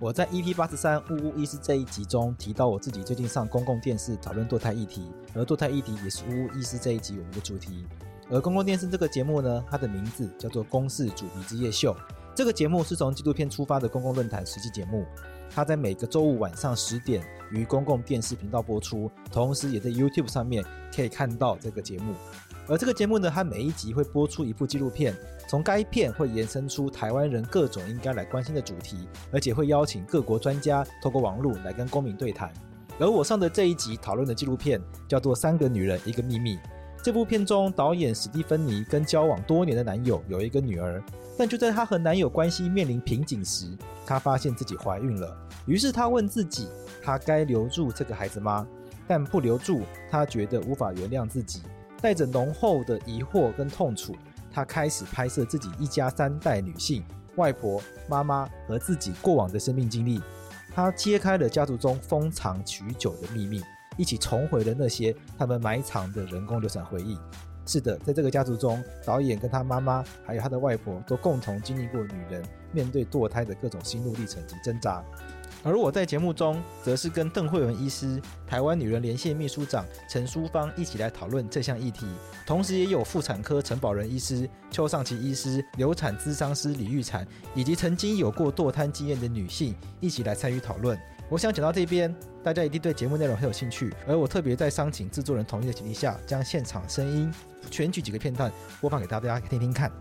我在 EP 八十三《嗚嗚醫師》這一集中提到，我自己最近上公共電視討論墮胎議題，而墮胎議題也是《嗚嗚醫師》這一集我們的主題。而公共電視這個節目呢，它的名字叫做“公視主題之夜秀”，這個節目是從紀錄片出發的公共論壇實際節目。他在每個周五晚上十點於公共電視頻道播出，同時也在 YouTube 上面可以看到這個節目。而這個節目呢，它每一集會播出一部紀錄片，從該片會延伸出台灣人各種應該來關心的主題，而且會邀請各國專家透過網絡來跟公民對談。而我上的這一集討論的紀錄片叫做《三個女人一個秘密》。這部片中，導演史蒂芬妮跟交往多年的男友有一個女兒，但就在她和男友關係面臨瓶頸時，她發現自己懷孕了。於是她問自己：她該留住這個孩子嗎？但不留住，她覺得無法原諒自己。帶着濃厚的疑惑跟痛楚，她開始拍攝自己一家三代女性——外婆、媽媽和自己過往的生命經歷。她揭開了家族中封藏許久的秘密。一起重回了那些他們埋藏的人工流產回憶。是的，在這個家族中，導演跟他媽媽還有他的外婆都共同經歷過女人面對墮胎的各種心路歷程及掙扎。而我在節目中，則是跟鄧惠文醫師、台灣女人連線秘書長陳書芳一起來討論這項議題。同時，也有婦產科陳保仁醫師、邱上琪醫師、流產諮商師李玉嬋，以及曾經有過墮胎經驗的女性一起來參與討論。我想講到這邊，大家一定對節目內容很有興趣。而我特別在商請製作人同意的前提下，將現場聲音選取幾個片段播放給大家聽聽看。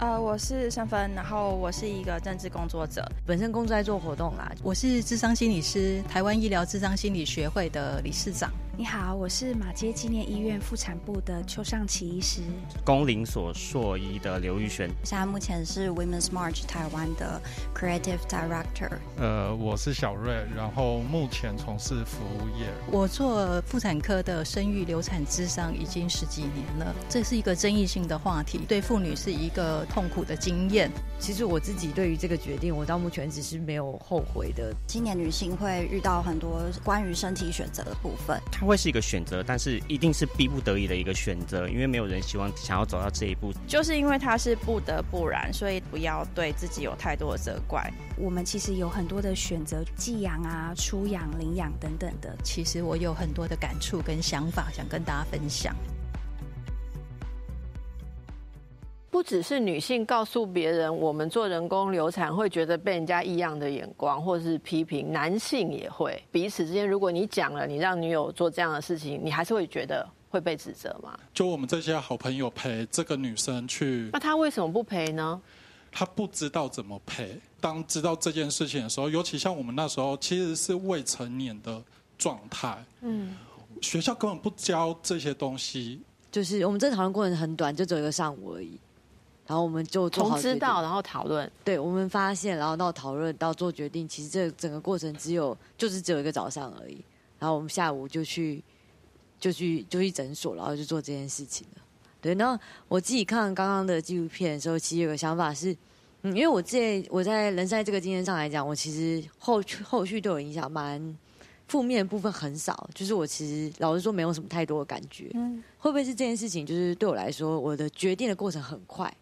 呃，uh, 我是書芳，然後我是一個政治工作者，本身工作在做活動啦。我是諮商心理師，台灣醫療諮商心理學會的理事長。你好，我是馬偕紀念醫院婦產部的邱上琪醫師。公領所碩一的劉玉璇，現在目前是 Women's March 台灣的 Creative Director。呃，我是小瑞，然後目前從事服務業。我做婦產科的生育、流產、諮商已經十幾年了，這是一個爭議性的話題，對婦女是一個。痛苦的經驗，其實我自己對於這個決定，我到目前為止是沒有後悔的。青年女性會遇到很多關於身體選擇的部分，它會是一個選擇，但是一定是逼不得已的一個選擇，因為沒有人希望想要走到這一步。就是因為它是不得不然，所以不要對自己有太多的責怪。我們其實有很多的選擇，寄養啊、出養、領養等等的，其實我有很多的感觸跟想法想跟大家分享。不只是女性告訴別人，我們做人工流產會覺得被人家異樣的眼光或者是批評，男性也會。彼此之間，如果你講了，你讓女友做這樣的事情，你還是會覺得會被指責嗎？就我們這些好朋友陪這個女生去，那她為什麼不陪呢？她不知道怎麼陪。當知道這件事情的時候，尤其像我們那時候其實是未成年的狀態，嗯，學校根本不教這些東西。就是我們這個討論過程很短，就只有一個上午而已。然後我們就從知道，然後討論，對我們發現，然後到討論，到做決定，其實這整個過程只有就是只有一個早上而已。然後我們下午就去就去就去診所，然後就做這件事情了。對，那我自己看剛剛的紀錄片的時候，其實有個想法是，嗯，因為我這我在人生這個經驗上來講，我其實後後續對我影響蠻負面的部分很少，就是我其實老實說沒有什麼太多的感覺。嗯，會不會是這件事情就是對我來說，我的決定的過程很快？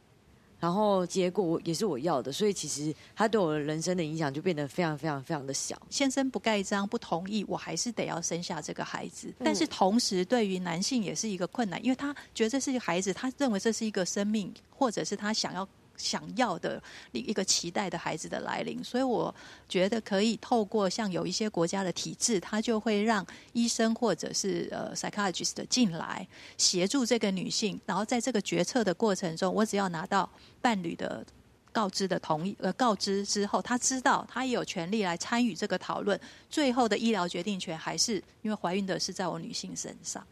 然後結果也是我要的，所以其實他對我人生的影響就變得非常非常非常的小。先生不蓋章不同意，我還是得要生下這個孩子。但是同時，對於男性也是一個困難，因為他覺得這是一個孩子，他認為這是一個生命，或者是他想要。想要的另一個期待的孩子的來臨，所以我覺得可以透過像有一些國家的體制，他就會讓醫生或者是呃 psychologist 進來協助這個女性，然後在這個決策的過程中，我只要拿到伴侶的告知的同意，呃，告知之後，他知道他也有權利來參與這個討論，最後的醫療決定權還是因為懷孕的是在我女性身上。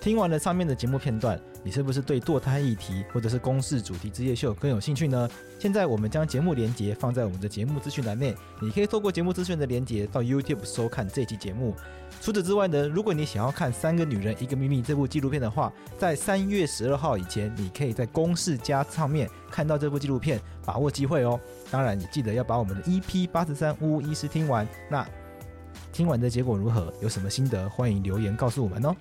聽完了上面的節目片段，你是不是對墮胎議題或者是公視主題之夜秀更有興趣呢？現在我們將節目連結放在我們的節目資訊欄內，你可以透過節目資訊的連結到 YouTube 收看這期節目。除此之外呢，如果你想要看《三個女人一個秘密》這部紀錄片的話，在三月十二號以前，你可以在公視+上面看到這部紀錄片，把握機會哦。當然，你記得要把我們的 EP 八十三五醫師聽完。那聽完的結果如何？有什麼心得？歡迎留言告訴我們哦。